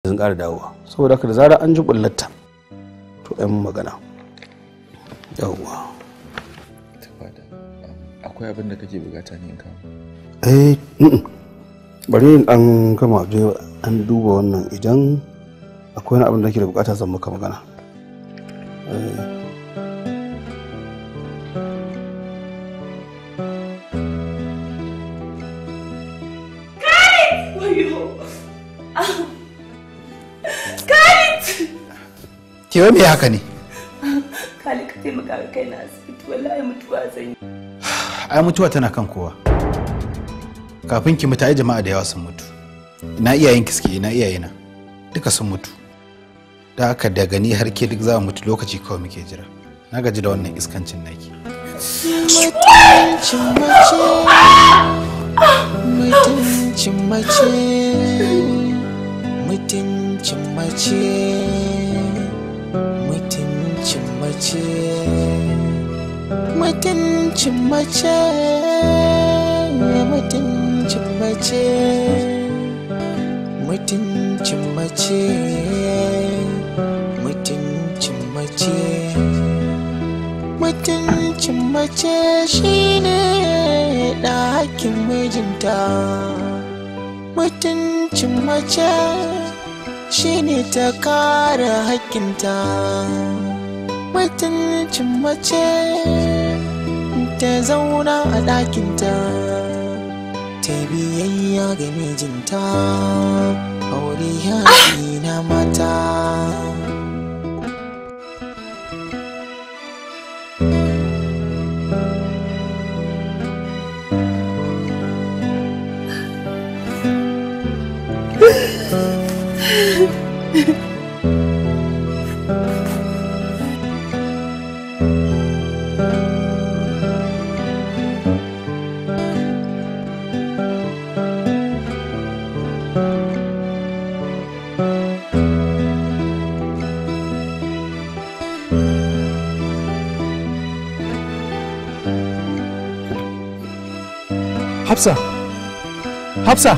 sun ƙara dawowa saboda haka da zara an ji bullata to ɗan magana yawwa akwai abin da kake bugata ne ka eh bari an gama je an duba wannan idan akwai wani abin da kake bukata zan maka magana eh wai me haka ne kali ka taimaka ka kai na asibiti wallahi mutuwa zan yi ai mutuwa tana kan kowa kafin ki mutu ai jama'a da yawa sun mutu ina iyayen ki suke ina iyayena duka sun mutu da aka daga ni har ke duk za mutu lokaci kawai muke jira na gaji da wannan iskancin naki mutuncin mace mutuncin mace mutuncin mace mutuncin mace mutuncin mace mutuncin mace mutuncin mace mutuncin mace shine ɗakin mijinta mutuncin mace shine ta kara haƙƙinta mutuncin mace ta zauna a ɗakinta ta biyayya ga mijinta aure ya na mata hafsa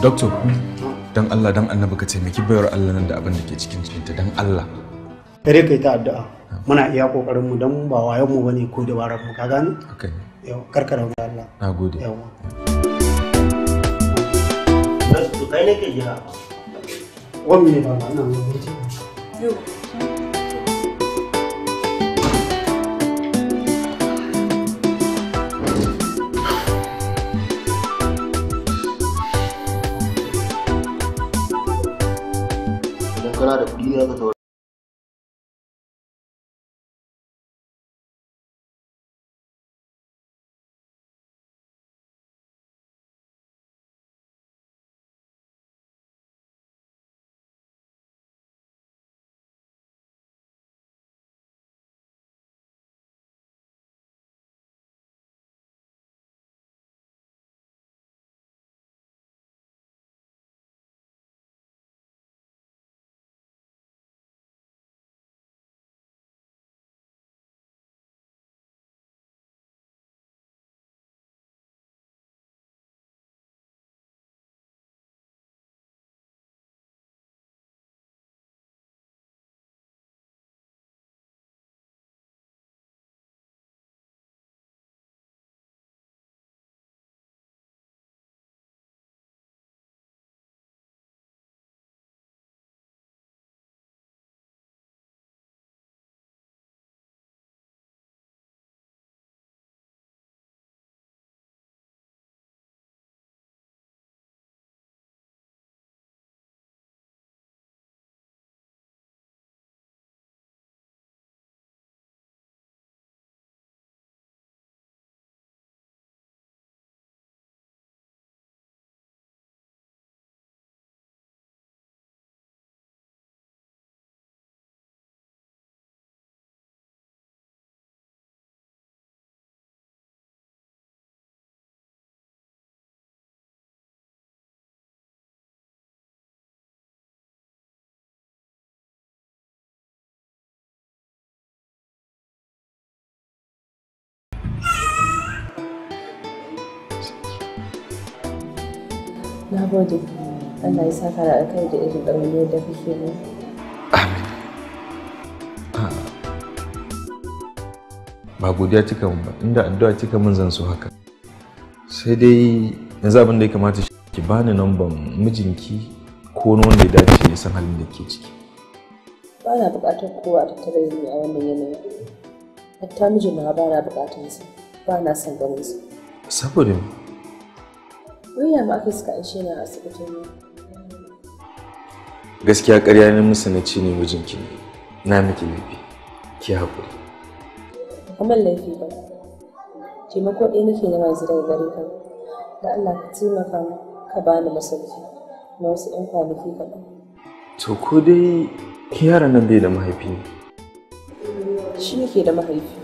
Doktor, don Allah dan annabi ka taimaki bayar Allah nan da abin da ke cikin cinta don Allah. Kare kai ta addu'a. Muna iya kokarin mu dan ba wayan mu bane ko barar mu ka gane? Okay. Yau karkara mu Allah. Nagode. Yau. Kai ne ke jira. One minute, Anna. I'm waiting. da na gode allah ya saka da kai da irin ɗawainiyar da kake yi amin ah. ba godiya cika mun ba inda addu'a cika mun zan so haka sai dai yanzu abin da ya kamata shi ki bani namban mijinki ko wani wanda ya dace ya san halin da ke ciki ba na buƙatar kowa ta tare ni a wannan yanayi hatta mijin ma ba na buƙatar sa ba na son ganin sa saboda me Lauya ma aka suka aishe na asibitin ne. Gaskiya ƙarya ne musu na ci ne mijinki ne. Na miki laifi. Ki haƙuri. Kamar laifi ba. Taimako ɗaya nake nema yanzu daga gare ka. Da Allah ka taimaka ka ba ni masauki na wasu 'yan kwanaki kaɗan. To ko dai yara nan bai da mahaifi ne. Shi yake da mahaifi.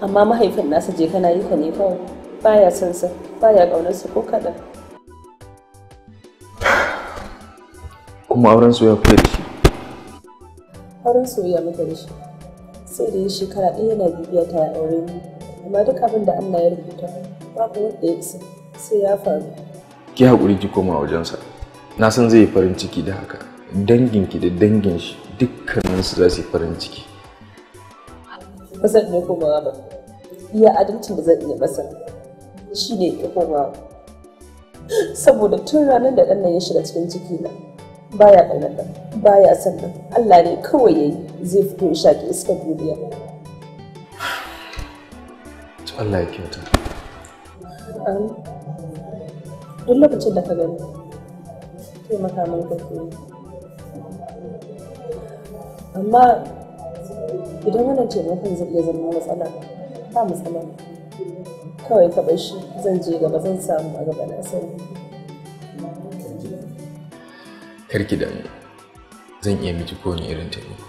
Amma mahaifin nasa je kana yi ka ne kawai. baya son sa baya ƙaunar su ko kaɗan kuma auren soyayya kuke da shi auren soyayya muke da shi sai da yi shekara ɗaya yana bibiya ta ya aure ni amma duk abin da Allah ya rubuta babu wanda ya isa sai ya faru ki haƙuri ki koma wajensa na san zai yi farin ciki da haka danginki da dangin shi dukkaninsu za su yi farin ciki ba zan iya komawa ba iya adalcin da zan iya masa shi ne ya koma saboda tun ranar da ɗan nan ya shiga cikin ciki na baya ɗan nan baya son nan Allah ne kawai ya yi zai fito ya shaƙi iskar duniya to Allah ya kyauta duk lokacin da ka gani taimaka min kake yi amma idan wannan taimakon zai iya zama matsala ba matsala kawai ka shi zan je gaba zan samu a gaba na karki da zan iya miki kowane irin taimako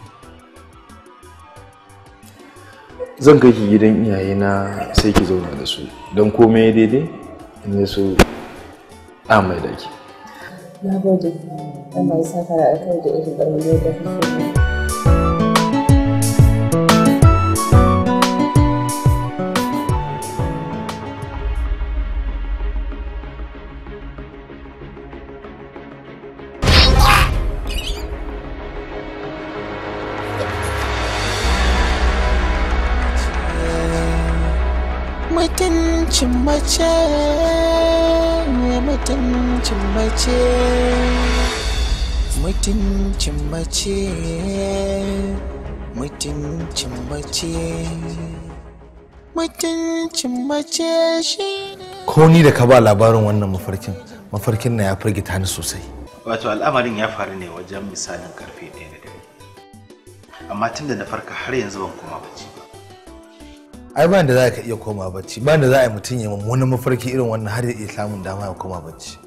zan kai ki gidan iyaye na sai ki zauna da su don komai ya daidai in ya so a mai da na gode Allah ya saka da alkai da irin ƙarfi da kuma ne mutuncin mace mutuncin mace mutuncin mace mutuncin mace shi ko ni da ka ba labarin wannan mafarkin mafarkin na ya firgita ni sosai wato al'amarin ya faru ne wajen misalin karfe ɗaya da dare amma tun da na farka har yanzu ban koma bacci ba ai ba da za ka iya koma bacci ba da za a yi mutum ya mummuna mafarki irin wannan har ya iya samun dama ya koma bacci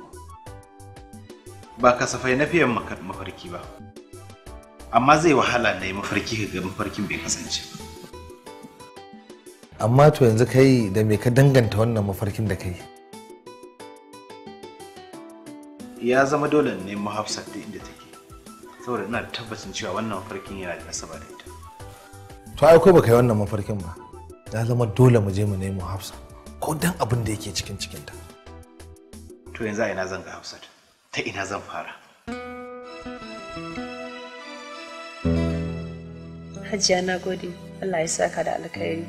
ba kasafai na fiye mafarki ba amma zai wahala na yi mafarki ka ga mafarkin bai kasance amma to yanzu kai da me ka danganta wannan mafarkin da kai ya zama dole ne mu hafsat da inda take saboda ina da tabbacin cewa wannan mafarkin yana da nasaba da ita to ai ko baka yi wannan mafarkin ba ya zama dole mu je mu nemo hafsa ko dan abin da yake cikin cikinta to yanzu ina zan ga hafsat ta ina zan fara hajiya na gode allah ya saka da alkhairi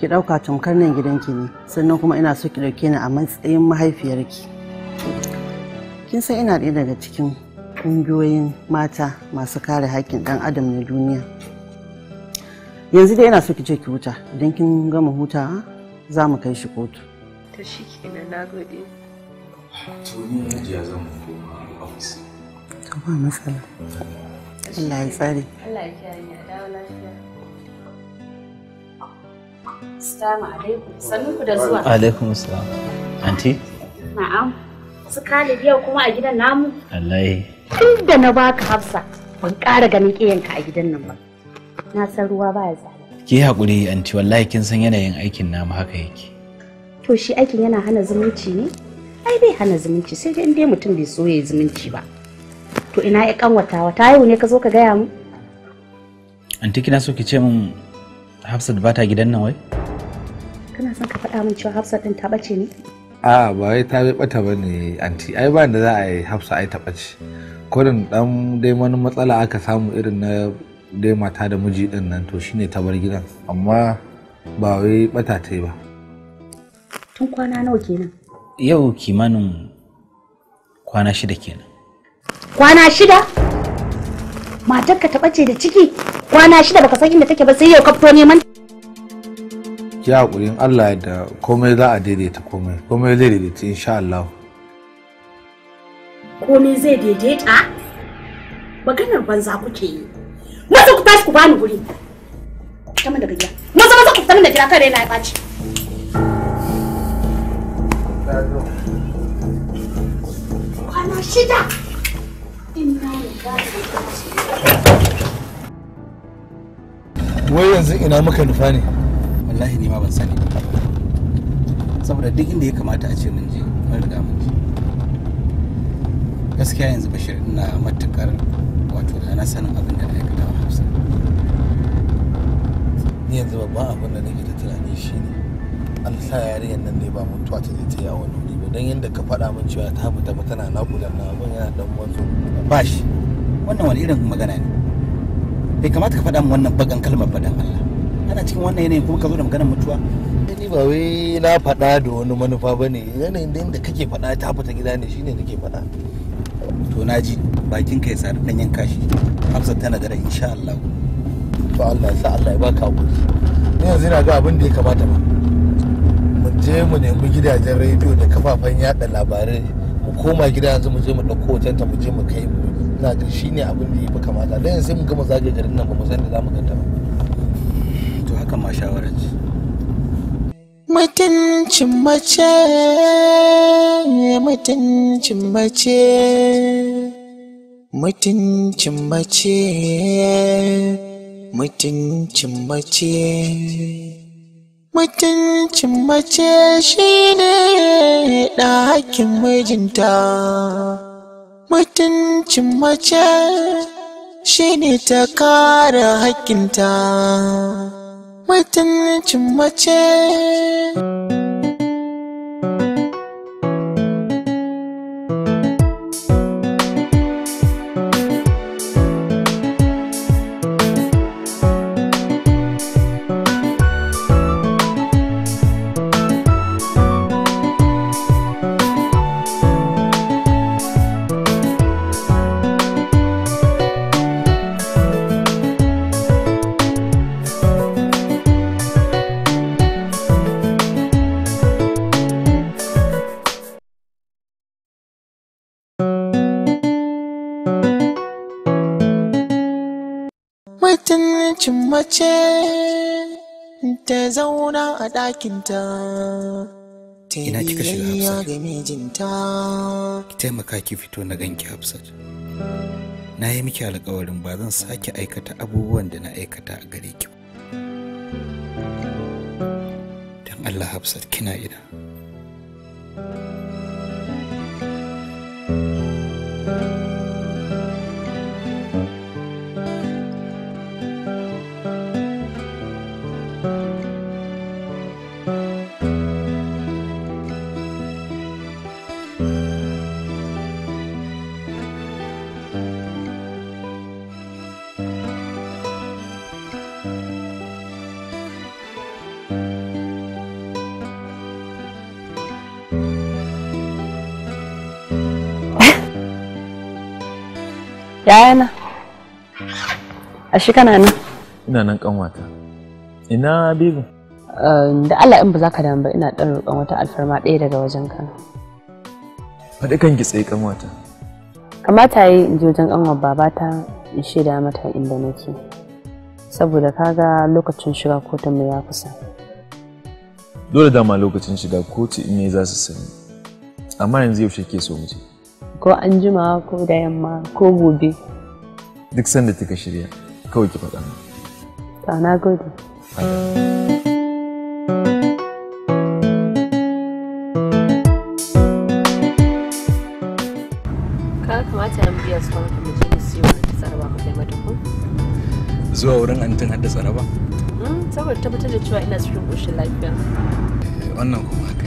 ki ɗauka tamkar nan gidanki ne sannan kuma ina so ki ɗauke ni a matsayin mahaifiyarki kin san ina ɗaya daga cikin ƙungiyoyin mata masu kare haƙƙin ɗan adam na duniya yanzu dai yana so ki je ki huta idan kin gama huta za mu kai shi kotu ta shi na gode to ni ajiya zan mu koma office to ba matsala Allah ya tsare Allah ya kiyaye dawo lafiya Assalamu alaikum. Sannu ku da zuwa. Alaikum assalam. Anti? Na'am. Su kale yau kuma a gidan namu? Wallahi. Tun da na baka Hafsa, ban ƙara ganin ƙiyanka a gidan nan ba. na san ruwa ba zai ki hakuri anti wallahi kin san yanayin aikin namu haka yake to shi aikin yana hana zumunci ne ai bai hana zumunci sai dai dai mutum bai so ya zumunci ba to ina ya kanwata wata yau ne ka zo ka gaya mu anti kina so ki ce min Hafsat ba ta gidan nan wai kana son ka faɗa min cewa Hafsat din ta bace ne a ba wai ta bata ba ne anti ai ba da za a yi Hafsa ai ta bace kodin dan dai wani matsala aka samu irin na dai mata da miji din nan to shine ta bar gidan amma ba wai bata ta yi ba tun kwana nawa kenan yau kimanin kwana shida kenan kwana shida matar ka taɓa ce da ciki kwana shida baka san inda take ba sai yau ka fito neman ki hakuri in Allah da komai za a daidaita komai komai zai daidaita insha Allah komai zai daidaita maganar banza kuke yi tashi ku bani guri fita gida fita gida kare na ya shida wai yanzu ina muka nufa ne wallahi ni ma ban sani saboda duk inda ya kamata a ce mun je mun riga mun je gaskiya yanzu bashir ina matukar wato da na sanin abin da na ni yanzu babban abin da nake da tunani shine an sa yarinyar nan ne ba mutuwa ta zai taya wani wuri ba don yadda ka faɗa min cewa ta fita ba tana naƙudan na abin yana dan wanzu ba shi wannan wani irin magana ne bai kamata ka faɗa min wannan bagan kalmar faɗan Allah ana cikin wannan yanayin kuma ka zo da maganar mutuwa ni ba wai na faɗa da wani manufa ba ne yanayin da yadda kake faɗa ta fita gida ne shine nake faɗa to na ji bakin ka ya tsari ɗanyen kashi hafsat tana da insha Allah to Allah ya sa Allah ya baka abu ni yanzu ina ga abin da ya kamata ba mu je mu nemi gidajen rediyo da kafafen yada labarai mu koma gida yanzu mu je mu ɗauko wajenta mu je mu kai mu na ga shi ne abin da ya fi kamata dan sai mun gama zage garin nan ba mu san da za mu ganta ba to haka ma shawarar ce mutuncin mace mutuncin mace mutuncin mace mutuncin mace mutuncin mace shine da hakkin mijinta mutuncin mace shine ta kare hakkinta mutuncin mace mutuncin mace ta zauna a ɗakinta ta yi biyayya ga mijinta ki taimaka ki fito na ganki hafsat na yi miki alkawarin ba zan sake aikata abubuwan da na aikata a gare ki don allah hafsat kina ina Yayana. Ashi kana nan? Ina nan wata. Ina bibi? Eh, da Allah in ba za ka damu ba ina ɗan roƙon wata alfarma ɗaya daga wajen ka. Faɗi kan ki tsaye wata. Kamata yi in je wajen ƙanwar babata in shaida mata inda nake. Saboda kaga lokacin shiga kotun mai ya kusa. Dole dama lokacin shiga kotu in ne za su sani. Amma yanzu yaushe ke so mu je? ko an jima ko da yamma ko gobe duk sanda kika shirya kawai ki faɗa ta na gode ka kamata an biya su kwanaki mu je zuwa wurin antin hadda tsaraba hmm, saboda tabbatar da cewa ina cikin ƙoshin lafiya eh, wannan kuma haka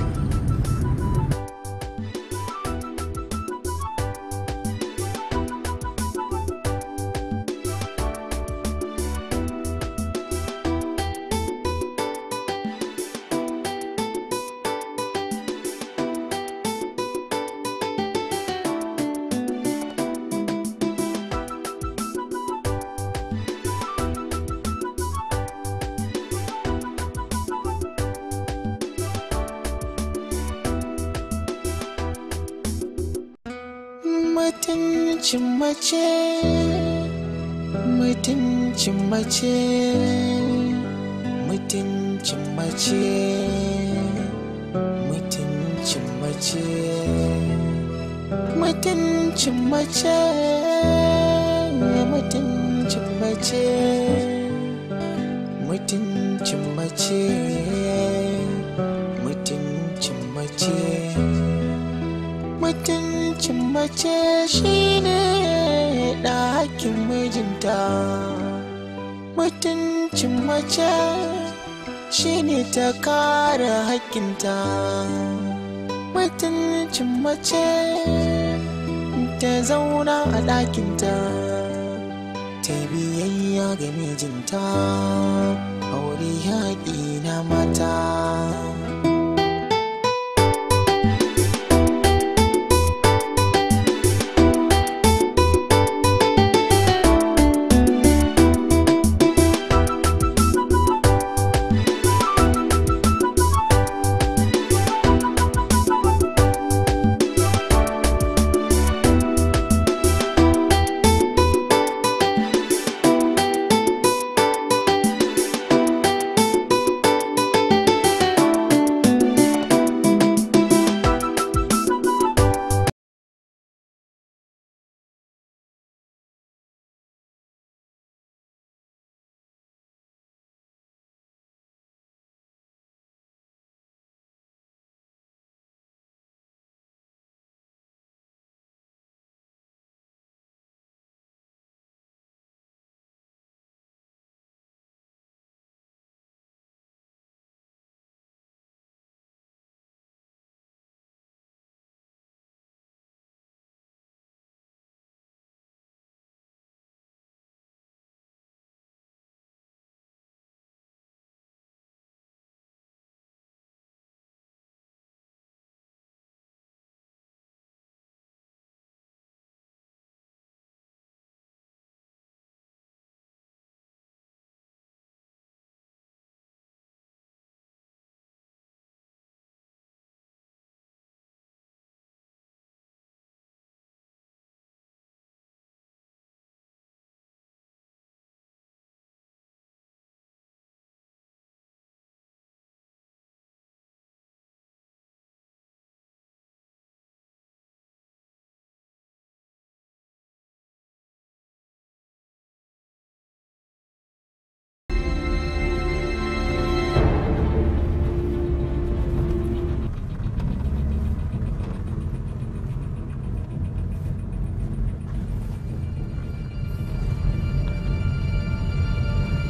mutuncin mace mutuncin mace mutuncin mace mutuncin mace mutuncin mace mutuncin mace mutuncin mace mutuncin mace mutuncin Cin mace shine ɗakin mijinta mutuncin mace shine ta kare haƙƙinta mutuncin mace ta zauna a ɗakinta ta biyayya ga mijinta aure yaƙi na mata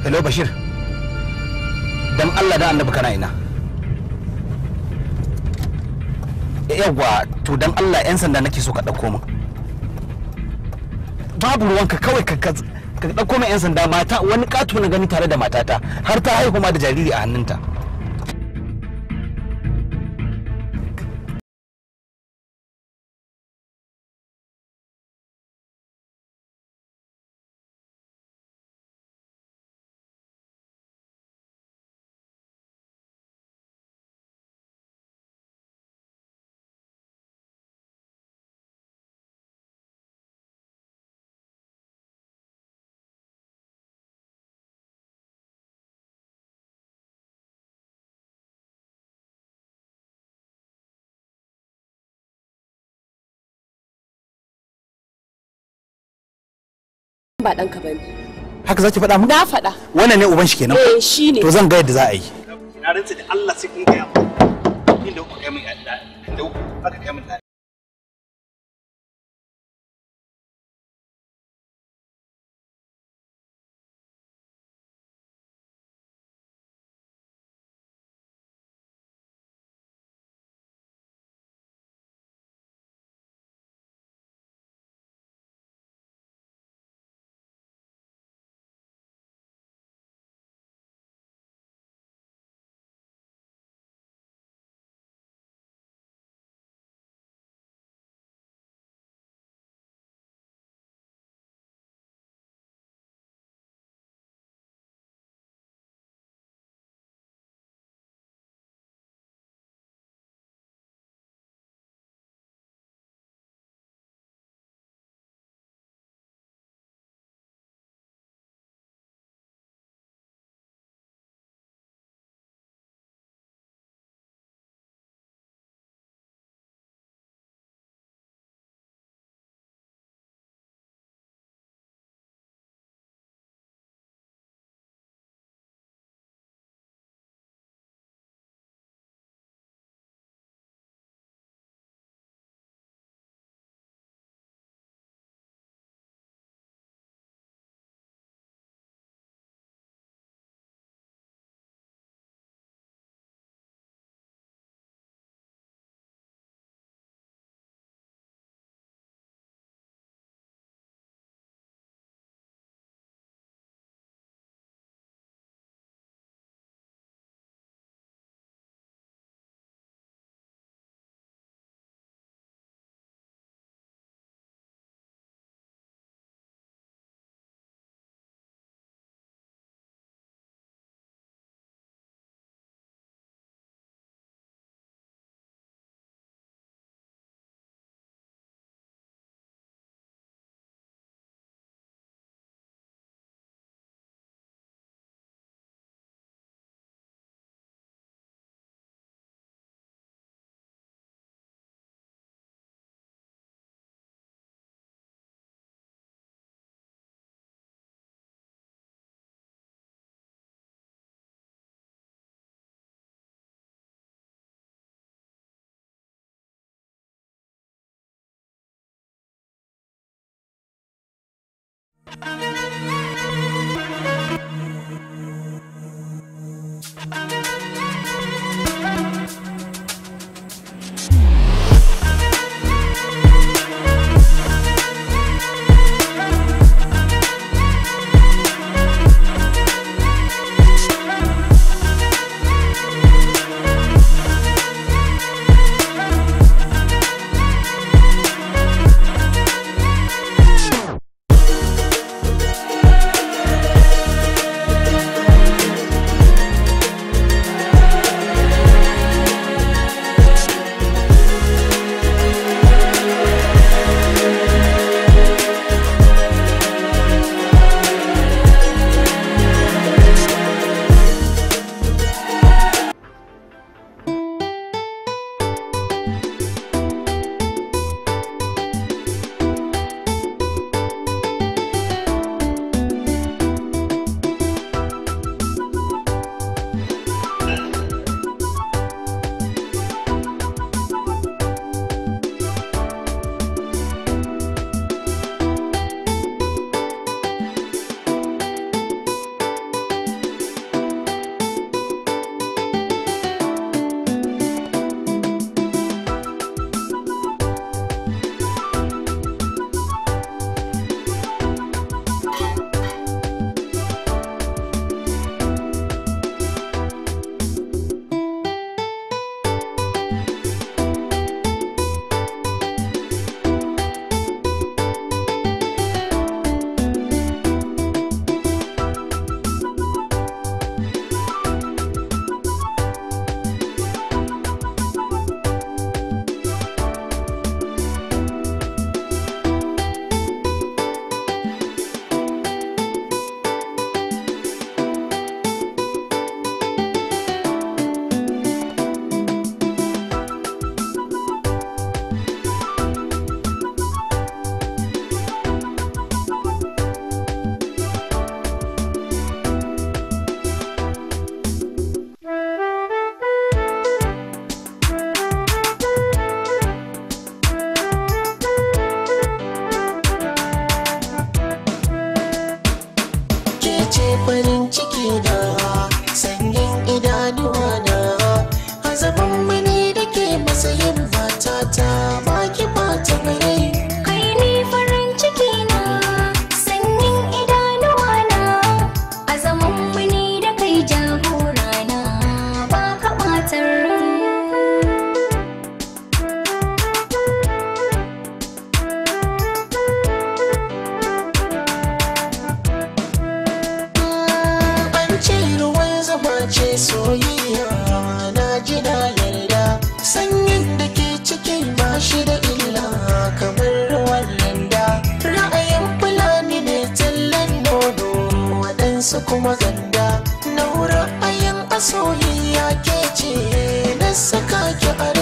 hello bashir don allah da annabi kana ina yawwa to don allah 'yan sanda nake so ka ɗauko min babu ruwanka kawai ka ɗauko min 'yan sanda mata wani ƙato na gani tare da matata har ta haihu ma da jariri a hannunta ba ɗanka ba ne. Haka za ki faɗa mun? Na faɗa. Wannan ne uban shi kenan? Eh shi ne. To zan ga yadda za a yi. Na rantsa da Allah sai kun gaya mu. Inda kuka kai min da aka kai min da Thank you. kuma zanda na wurin ayyan asoyi ya ke ce na saka ki a